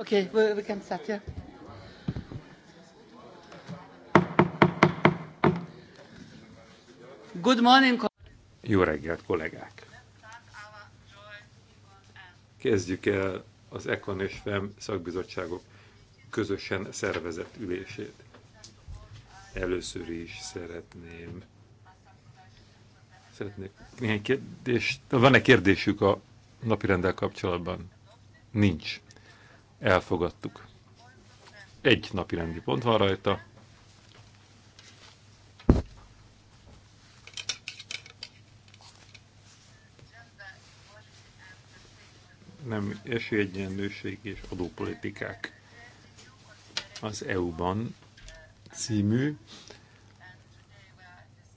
Okay, we, we can start, yeah. Good morning. Jó reggelt, kollégák! Kezdjük el az Econ és FEM szakbizottságok közösen szervezett ülését. Először is szeretném szeretnék néhány kérdést. Van-e kérdésük a napirendel kapcsolatban? Nincs. Elfogadtuk. Egy napi rendi pont van rajta. nem esélyegyenlőség és adópolitikák az EU-ban című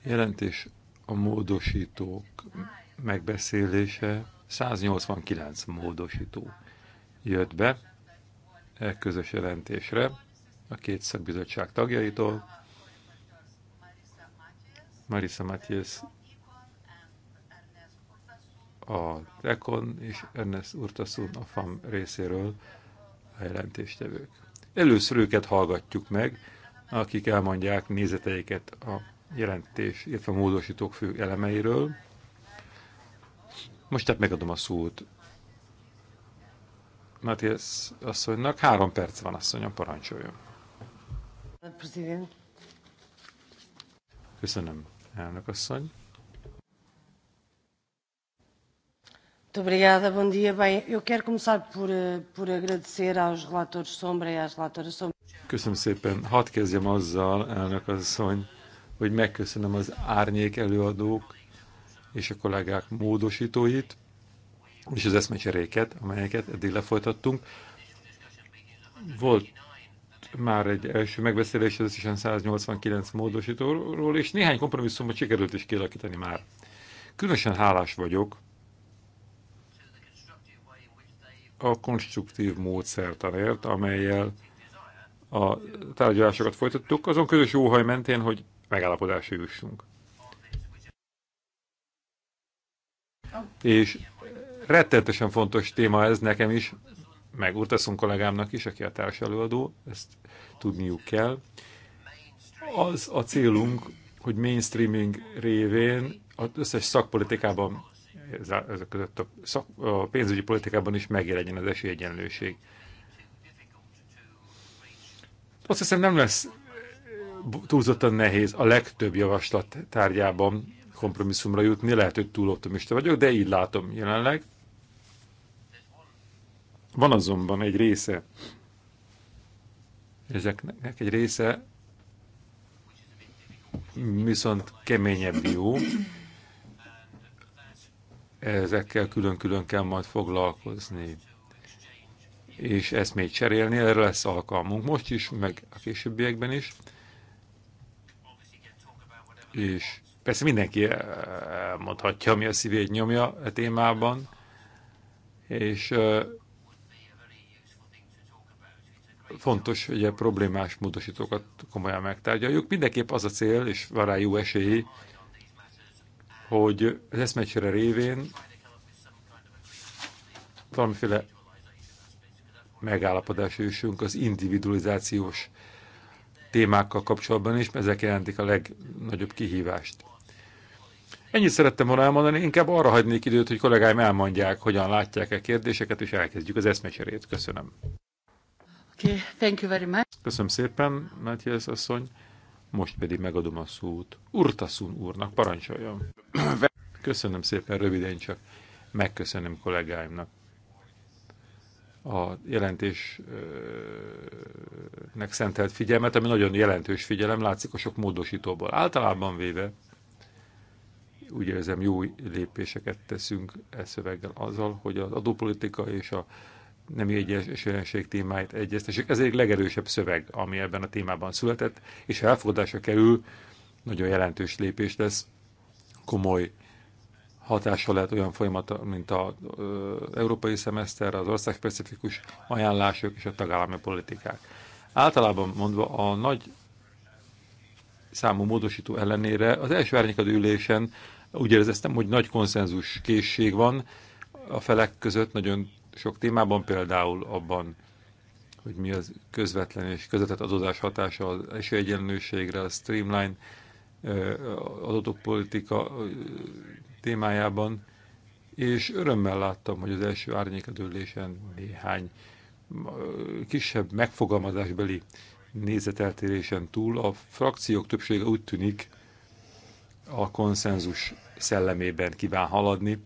jelentés a módosítók megbeszélése 189 módosító jött be e közös jelentésre a két szakbizottság tagjaitól. Marisa Matthias, a tekon és Ernest Urtasun a FAM részéről a jelentéstevők. Először őket hallgatjuk meg, akik elmondják nézeteiket a jelentés, illetve a módosítók fő elemeiről. Most tehát megadom a szót Matthias asszonynak. Három perc van, asszonyom, parancsoljon. Köszönöm, elnök asszony. obrigada, bom dia. Bem, eu quero começar por, eh, por agradecer aos relatores sombra e às relatoras sombra. Köszönöm szépen. Hadd kezdjem azzal, elnök asszony, hogy megköszönöm az árnyék előadók és a kollégák módosítóit, és az eszmecseréket, amelyeket eddig lefolytattunk. Volt már egy első megbeszélés az összesen 189 módosítóról, és néhány kompromisszumot sikerült is kialakítani már. Különösen hálás vagyok a konstruktív módszertanért, amelyel a tárgyalásokat folytattuk, azon közös óhaj mentén, hogy megállapodásra jussunk. És rettetesen fontos téma ez nekem is, meg Urtaszun kollégámnak is, aki a előadó, ezt tudniuk kell. Az a célunk, hogy mainstreaming révén az összes szakpolitikában, ezek között a, szak, a pénzügyi politikában is megjelenjen az esélyegyenlőség. Azt hiszem nem lesz túlzottan nehéz a legtöbb javaslat tárgyában kompromisszumra jutni, lehet, hogy túl optimista vagyok, de így látom jelenleg. Van azonban egy része, ezeknek egy része viszont keményebb jó, ezekkel külön-külön kell majd foglalkozni. És ezt még cserélni, erre lesz alkalmunk most is, meg a későbbiekben is. És persze mindenki mondhatja, ami a szívét nyomja a témában, és Fontos, hogy a problémás módosítókat komolyan megtárgyaljuk. Mindenképp az a cél, és van rá jó esély, hogy az eszmecsere révén valamiféle megállapodás jussunk az individualizációs témákkal kapcsolatban is, mert ezek jelentik a legnagyobb kihívást. Ennyit szerettem volna elmondani, inkább arra hagynék időt, hogy kollégáim elmondják, hogyan látják -e kérdéseket, és elkezdjük az eszmecserét. Köszönöm. Köszönöm szépen, Matthias asszony. Most pedig megadom a szót Urtasun úrnak, parancsoljon. Köszönöm szépen, röviden csak megköszönöm kollégáimnak a jelentésnek szentelt figyelmet, ami nagyon jelentős figyelem, látszik a sok módosítóból. Általában véve úgy érzem, jó lépéseket teszünk e szöveggel azzal, hogy az adópolitika és a nem egyesülenség témáit egyeztessük. Ez egy legerősebb szöveg, ami ebben a témában született, és ha elfogadásra kerül, nagyon jelentős lépés lesz, komoly hatása lehet olyan folyamat, mint az európai szemeszter, az országspecifikus ajánlások és a tagállami politikák. Általában mondva a nagy számú módosító ellenére az első árnyékad ülésen úgy éreztem, hogy nagy konszenzus készség van, a felek között nagyon sok témában, például abban, hogy mi az közvetlen és közvetett adózás hatása az esélyegyenlőségre, a streamline adatokpolitika témájában, és örömmel láttam, hogy az első árnyékadőlésen néhány kisebb megfogalmazásbeli nézeteltérésen túl a frakciók többsége úgy tűnik a konszenzus szellemében kíván haladni,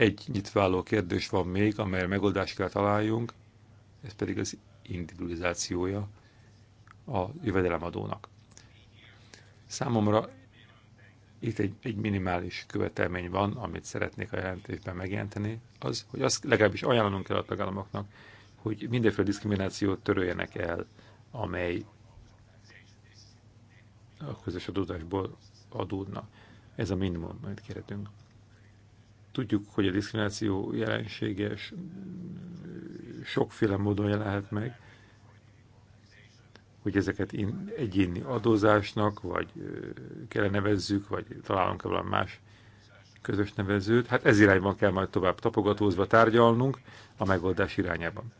egy nyitváló kérdés van még, amely megoldást kell találjunk, ez pedig az individualizációja a jövedelemadónak. Számomra itt egy, egy minimális követelmény van, amit szeretnék a jelentésben megjelenteni, az, hogy azt legalábbis ajánlanunk kell a tagállamoknak, hogy mindenféle diszkriminációt töröljenek el, amely a közös adódásból adódna. Ez a minimum, amit kérhetünk. Tudjuk, hogy a diszkrimináció jelensége sokféle módon jelenhet meg, hogy ezeket egyéni adózásnak, vagy kell nevezzük, vagy találunk-e valami más közös nevezőt. Hát ez irányban kell majd tovább tapogatózva tárgyalnunk a megoldás irányában.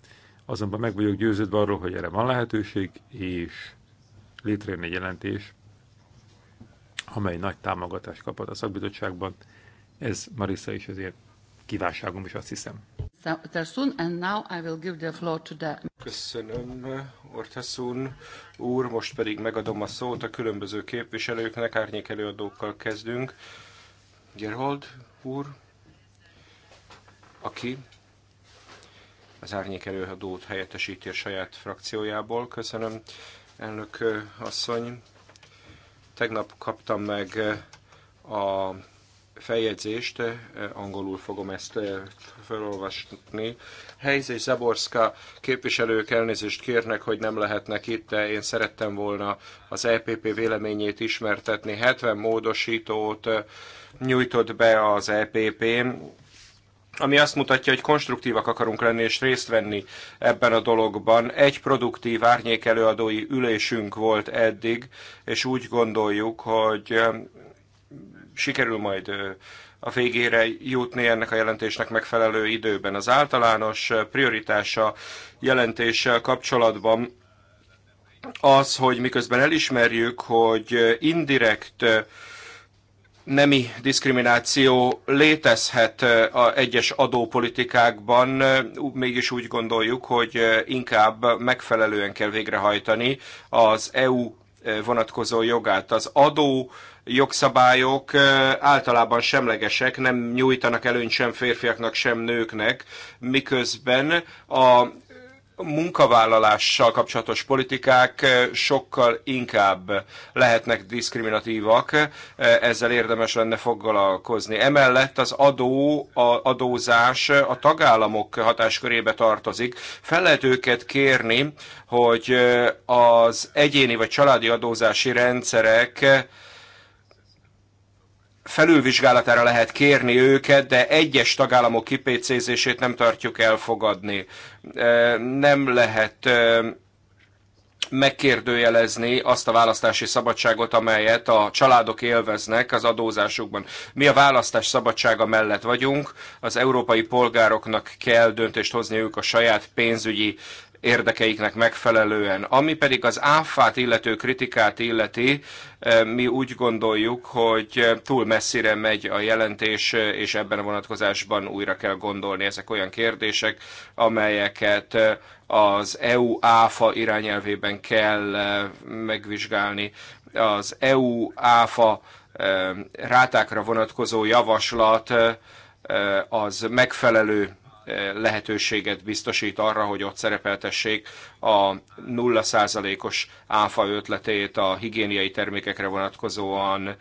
Azonban meg vagyok győződve arról, hogy erre van lehetőség, és létrejön egy jelentés, amely nagy támogatást kapott a szakbizottságban, ez Marissa is azért kívánságom is azt hiszem. Köszönöm, Ortasun úr. Most pedig megadom a szót a különböző képviselőknek, árnyék előadókkal kezdünk. Gerhold úr, aki az árnyék előadót helyettesíti a saját frakciójából. Köszönöm, elnök asszony. Tegnap kaptam meg a feljegyzést, eh, angolul fogom ezt eh, felolvasni. Helyz és Zaborska képviselők elnézést kérnek, hogy nem lehetnek itt, de én szerettem volna az EPP véleményét ismertetni. 70 módosítót eh, nyújtott be az EPP, ami azt mutatja, hogy konstruktívak akarunk lenni és részt venni ebben a dologban. Egy produktív árnyékelőadói ülésünk volt eddig, és úgy gondoljuk, hogy sikerül majd a végére jutni ennek a jelentésnek megfelelő időben. Az általános prioritása jelentéssel kapcsolatban az, hogy miközben elismerjük, hogy indirekt nemi diszkrimináció létezhet a egyes adópolitikákban, mégis úgy gondoljuk, hogy inkább megfelelően kell végrehajtani az EU vonatkozó jogát. Az adó jogszabályok általában semlegesek, nem nyújtanak előnyt sem férfiaknak, sem nőknek, miközben a munkavállalással kapcsolatos politikák sokkal inkább lehetnek diszkriminatívak, ezzel érdemes lenne foglalkozni. Emellett az adó, a adózás a tagállamok hatáskörébe tartozik. Fel lehet őket kérni, hogy az egyéni vagy családi adózási rendszerek felülvizsgálatára lehet kérni őket, de egyes tagállamok kipécézését nem tartjuk elfogadni. Nem lehet megkérdőjelezni azt a választási szabadságot, amelyet a családok élveznek az adózásukban. Mi a választás szabadsága mellett vagyunk, az európai polgároknak kell döntést hozni ők a saját pénzügyi érdekeiknek megfelelően. Ami pedig az áfát illető kritikát illeti, eh, mi úgy gondoljuk, hogy eh, túl messzire megy a jelentés, eh, és ebben a vonatkozásban újra kell gondolni. Ezek olyan kérdések, amelyeket az EU áfa irányelvében kell megvizsgálni. Az EU áfa rátákra vonatkozó javaslat az megfelelő lehetőséget biztosít arra, hogy ott szerepeltessék a 0%-os áfa ötletét a higiéniai termékekre vonatkozóan.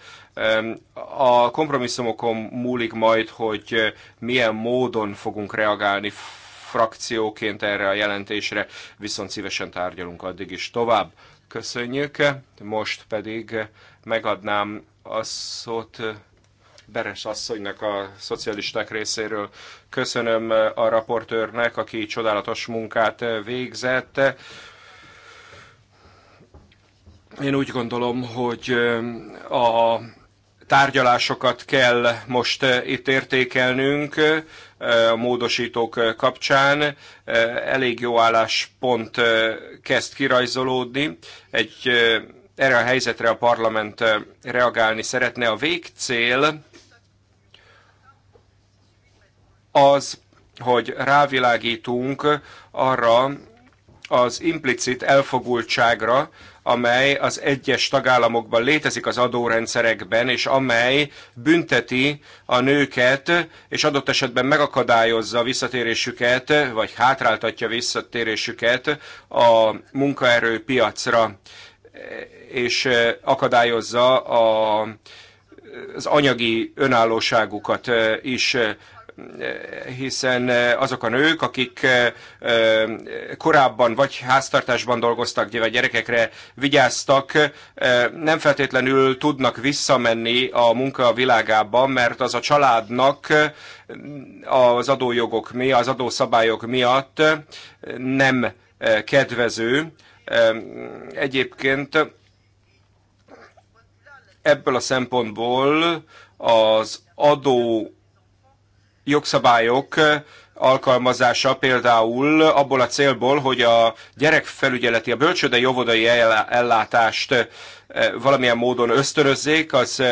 A kompromisszumokon múlik majd, hogy milyen módon fogunk reagálni frakcióként erre a jelentésre, viszont szívesen tárgyalunk addig is tovább. Köszönjük, most pedig megadnám a szót Beres asszonynak a szocialisták részéről. Köszönöm a raportőrnek, aki csodálatos munkát végzett. Én úgy gondolom, hogy a tárgyalásokat kell most itt értékelnünk a módosítók kapcsán. Elég jó álláspont kezd kirajzolódni. Egy erre a helyzetre a parlament reagálni szeretne. A végcél az, hogy rávilágítunk arra az implicit elfogultságra, amely az egyes tagállamokban létezik az adórendszerekben, és amely bünteti a nőket, és adott esetben megakadályozza visszatérésüket, vagy hátráltatja visszatérésüket a munkaerőpiacra, és akadályozza a, az anyagi önállóságukat is hiszen eh, azok a nők, akik eh, eh, korábban vagy háztartásban dolgoztak, vagy gyerekekre vigyáztak, nem feltétlenül tudnak visszamenni a munka világába, mert az a családnak az adójogok miatt, az adószabályok miatt nem kedvező. Egyébként ebből a szempontból az adó jogszabályok alkalmazása például abból a célból, hogy a gyerekfelügyeleti, a bölcsődei óvodai ellátást valamilyen módon ösztörözzék, az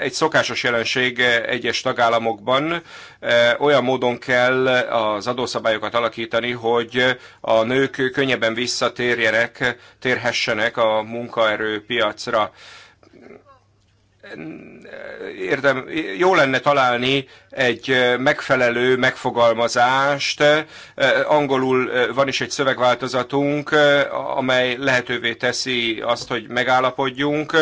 egy szokásos jelenség egyes tagállamokban. Olyan módon kell az adószabályokat alakítani, hogy a nők könnyebben visszatérjenek, térhessenek a munkaerőpiacra. piacra érdem, jó lenne találni egy megfelelő megfogalmazást. Angolul van is egy szövegváltozatunk, amely lehetővé teszi azt, hogy megállapodjunk,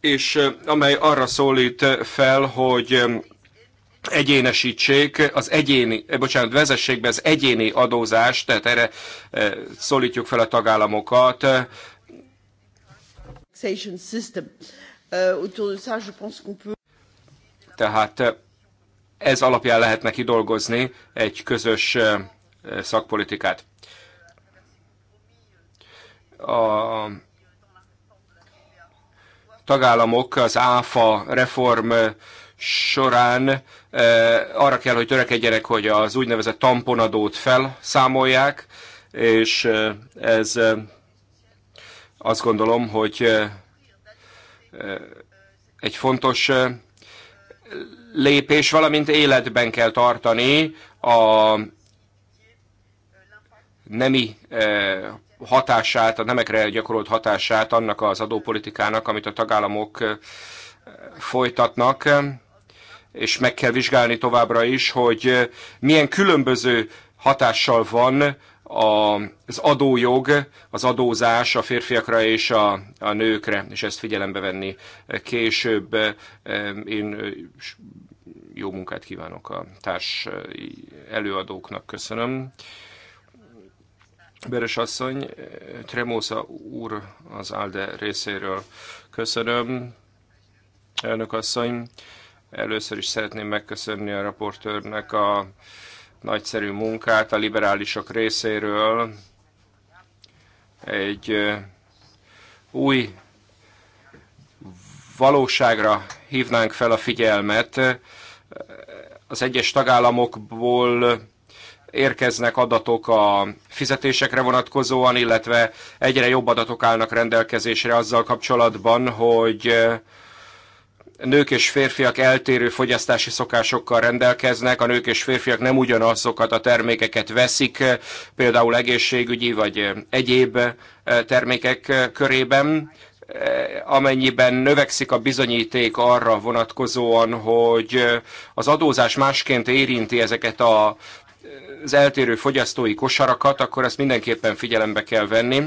és amely arra szólít fel, hogy egyénesítsék az egyéni, bocsánat, vezessék be az egyéni adózást, tehát erre szólítjuk fel a tagállamokat, taxation system. Euh, autour de ça, je pense qu'on peut... Tehát euh, ez alapján lehetne dolgozni egy közös euh, szakpolitikát. A tagállamok az ÁFA reform során arra kell, hogy törekedjenek, hogy az úgynevezett tamponadót felszámolják, és ez azt gondolom, hogy eh, eh, egy fontos eh, lépés, valamint életben kell tartani a nemi hatását, a nemekre gyakorolt hatását annak az adópolitikának, amit a tagállamok folytatnak, és meg kell vizsgálni továbbra is, hogy milyen különböző hatással van az adójog, az adózás a férfiakra és a, a nőkre, és ezt figyelembe venni később. Én jó munkát kívánok a társ előadóknak, köszönöm. Beres asszony, Tremosa úr az ALDE részéről köszönöm. Elnök asszony, először is szeretném megköszönni a raportőrnek a nagyszerű munkát a liberálisok részéről. Egy új valóságra hívnánk fel a figyelmet. Az egyes tagállamokból érkeznek adatok a fizetésekre vonatkozóan, illetve egyre jobb adatok állnak rendelkezésre azzal kapcsolatban, hogy nők és férfiak eltérő fogyasztási szokásokkal rendelkeznek, a nők és férfiak nem ugyanazokat a termékeket veszik, például egészségügyi vagy egyéb eh, termékek eh, körében, eh, amennyiben növekszik a bizonyíték arra vonatkozóan, hogy az adózás másként érinti ezeket a, az eltérő fogyasztói kosarakat, akkor ezt mindenképpen figyelembe kell venni.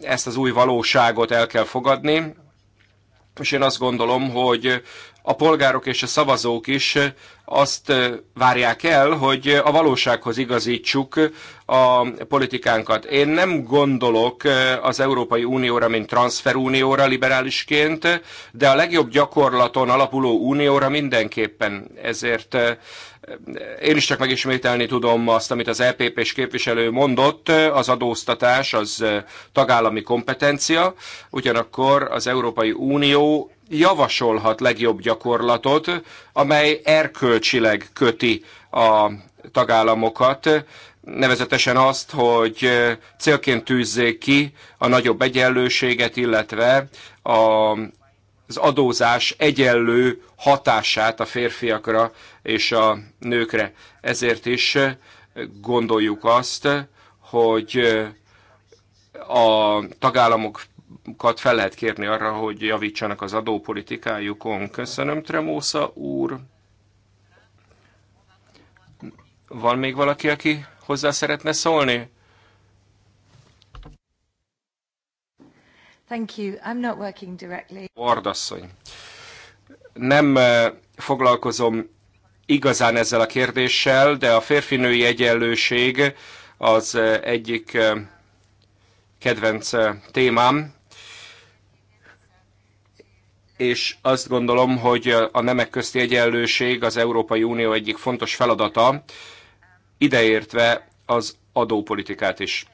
Ezt az új valóságot el kell fogadni, és én azt gondolom, hogy a polgárok és a szavazók is azt várják el, hogy a valósághoz igazítsuk a politikánkat. Én nem gondolok az Európai Unióra, mint transferunióra liberálisként, de a legjobb gyakorlaton alapuló unióra mindenképpen. Ezért én is csak megismételni tudom azt, amit az lpp e és képviselő mondott, az adóztatás az tagállami kompetencia, ugyanakkor az Európai Unió javasolhat legjobb gyakorlatot, amely erkölcsi erkölcsileg köti a tagállamokat, nevezetesen azt, hogy célként tűzzék ki a nagyobb egyenlőséget, illetve a, az adózás egyenlő hatását a férfiakra és a nőkre. Ezért is gondoljuk azt, hogy a tagállamokat fel lehet kérni arra, hogy javítsanak az adópolitikájukon. Köszönöm, Tremósza úr! Van még valaki, aki hozzá szeretne szólni? Thank you. I'm not working directly. Ordasszony. Nem eh, foglalkozom igazán ezzel a kérdéssel, de a férfinői egyenlőség az eh, egyik eh, kedvenc témám, és azt gondolom, hogy a nemek közti egyenlőség az Európai Unió egyik fontos feladata, ideértve az adópolitikát is.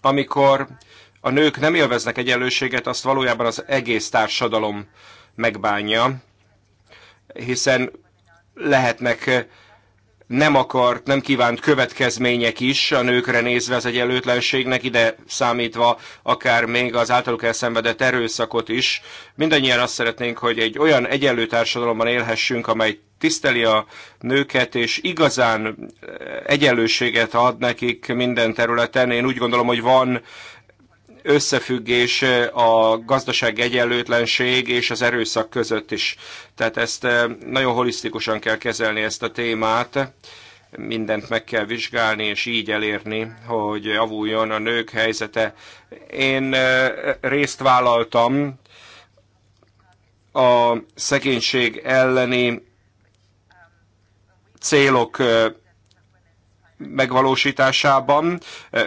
Amikor a nők nem élveznek egyenlőséget, azt valójában az egész társadalom megbánja, hiszen lehetnek nem akart, nem kívánt következmények is a nőkre nézve az egyenlőtlenségnek, ide számítva akár még az általuk elszenvedett erőszakot is. Mindannyian azt szeretnénk, hogy egy olyan egyenlő társadalomban élhessünk, amely tiszteli a nőket, és igazán eh, egyenlőséget ad nekik minden területen. Én úgy gondolom, hogy van összefüggés eh, a gazdaság egyenlőtlenség és az erőszak között is. Tehát ezt eh, nagyon holisztikusan kell kezelni ezt a témát, mindent meg kell vizsgálni, és így elérni, hogy javuljon a nők helyzete. Én részt vállaltam a szegénység elleni célok megvalósításában,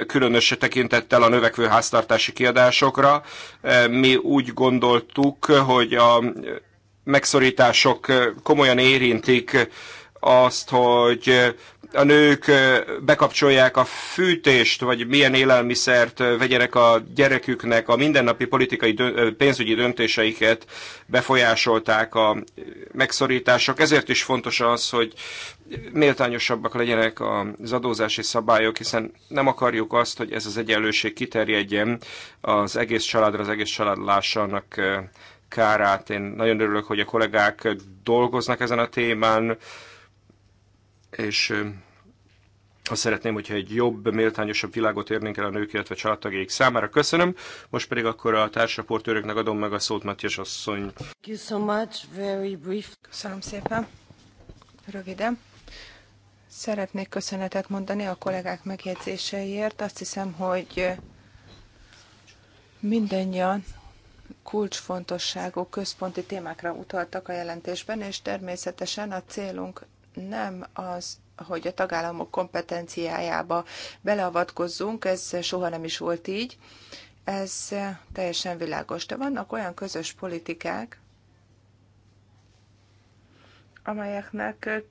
különös tekintettel a növekvő háztartási kiadásokra. Mi úgy gondoltuk, hogy a megszorítások komolyan érintik azt, hogy a nők bekapcsolják a fűtést, vagy milyen élelmiszert vegyenek a gyereküknek, a mindennapi politikai dö pénzügyi döntéseiket befolyásolták a megszorítások. Ezért is fontos az, hogy méltányosabbak legyenek az adózási szabályok, hiszen nem akarjuk azt, hogy ez az egyenlőség kiterjedjen az egész családra, az egész család lássanak kárát. Én nagyon örülök, hogy a kollégák dolgoznak ezen a témán, és azt szeretném, hogyha egy jobb, méltányosabb világot érnénk el a nők, illetve családtagjaik számára. Köszönöm. Most pedig akkor a társraportőröknek adom meg a szót, Matyas asszony. Thank you so much. Very brief. Köszönöm szépen. Röviden. Szeretnék köszönetet mondani a kollégák megjegyzéseiért. Azt hiszem, hogy mindannyian kulcsfontosságú központi témákra utaltak a jelentésben, és természetesen a célunk nem az, hogy a tagállamok kompetenciájába beleavatkozzunk, ez soha nem is volt így. Ez teljesen világos. De vannak olyan közös politikák, amelyeknek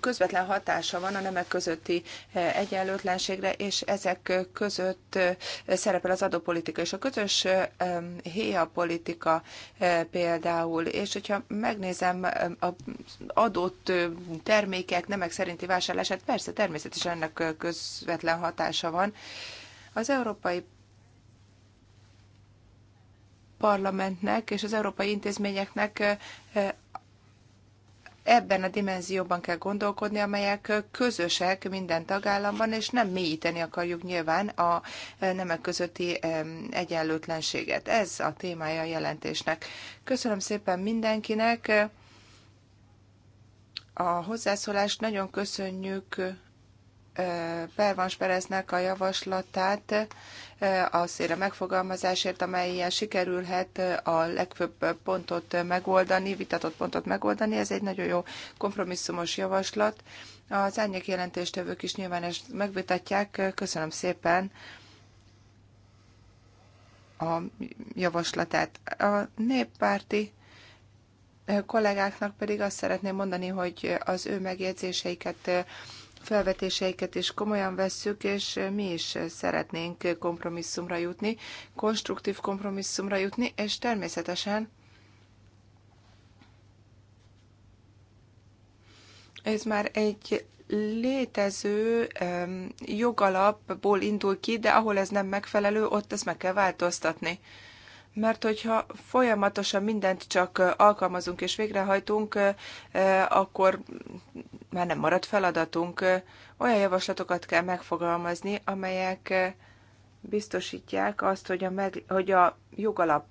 közvetlen hatása van a nemek közötti eh, egyenlőtlenségre, és ezek eh, között eh, szerepel az adópolitika és a közös héja politika például. És hogyha megnézem az adott termékek nemek szerinti vásárlását, persze természetesen ennek közvetlen hatása van. Az Európai Parlamentnek és az európai intézményeknek ebben a dimenzióban kell gondolkodni, amelyek közösek minden tagállamban, és nem mélyíteni akarjuk nyilván a nemek közötti egyenlőtlenséget. Ez a témája a jelentésnek. Köszönöm szépen mindenkinek a hozzászólást, nagyon köszönjük Pervans Pereznek a javaslatát azért a megfogalmazásért, ilyen sikerülhet a legfőbb pontot megoldani, vitatott pontot megoldani. Ez egy nagyon jó kompromisszumos javaslat. Az árnyék jelentéstevők is nyilván ezt megvitatják. Köszönöm szépen a javaslatát. A néppárti kollégáknak pedig azt szeretném mondani, hogy az ő megjegyzéseiket felvetéseiket is komolyan vesszük, és mi is szeretnénk kompromisszumra jutni, konstruktív kompromisszumra jutni, és természetesen ez már egy létező jogalapból indul ki, de ahol ez nem megfelelő, ott ezt meg kell változtatni mert hogyha folyamatosan mindent csak alkalmazunk és végrehajtunk, akkor már nem marad feladatunk. Olyan javaslatokat kell megfogalmazni, amelyek biztosítják azt, hogy a, meg, hogy a jogalap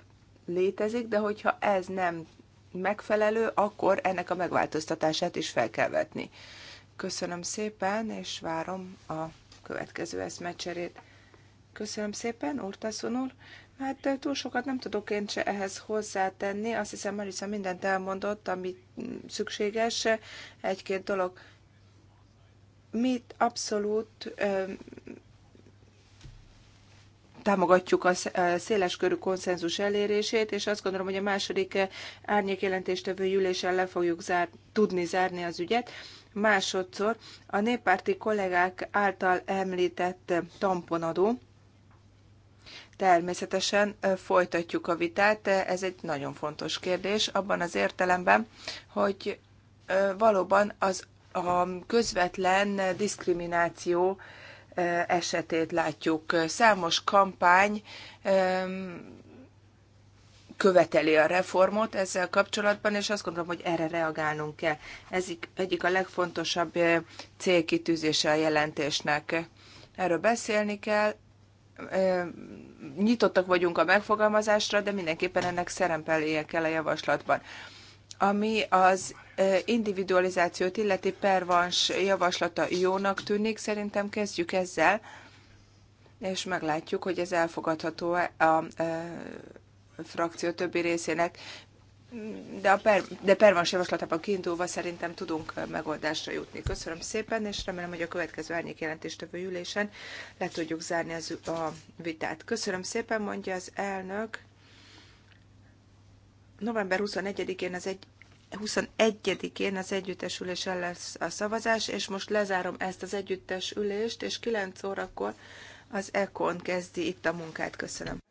létezik, de hogyha ez nem megfelelő, akkor ennek a megváltoztatását is fel kell vetni. Köszönöm szépen, és várom a következő eszmecserét. Köszönöm szépen, Urtaszon úr. Hát túl sokat nem tudok én se ehhez hozzátenni. Azt hiszem, Marisa mindent elmondott, ami szükséges. Egy-két dolog. mit abszolút támogatjuk a széleskörű konszenzus elérését, és azt gondolom, hogy a második árnyék jelentéstevő ülésen le fogjuk zár, tudni zárni az ügyet. Másodszor a néppárti kollégák által említett tamponadó, Természetesen folytatjuk a vitát, ez egy nagyon fontos kérdés, abban az értelemben, hogy valóban az a közvetlen diszkrimináció esetét látjuk. Számos kampány követeli a reformot ezzel kapcsolatban, és azt gondolom, hogy erre reagálnunk kell. Ez egyik a legfontosabb célkitűzése a jelentésnek. Erről beszélni kell, nyitottak vagyunk a megfogalmazásra, de mindenképpen ennek szerepelnie kell a javaslatban. Ami az individualizációt illeti pervans javaslata jónak tűnik, szerintem kezdjük ezzel, és meglátjuk, hogy ez elfogadható -e a frakció többi részének de, a per, de Pervans javaslatában kiindulva szerintem tudunk megoldásra jutni. Köszönöm szépen, és remélem, hogy a következő árnyék jelentéstevő ülésen le tudjuk zárni az, a vitát. Köszönöm szépen, mondja az elnök. November 21-én az egy 21-én az együttes ülésen lesz a szavazás, és most lezárom ezt az együttes ülést, és 9 órakor az ECON kezdi itt a munkát. Köszönöm.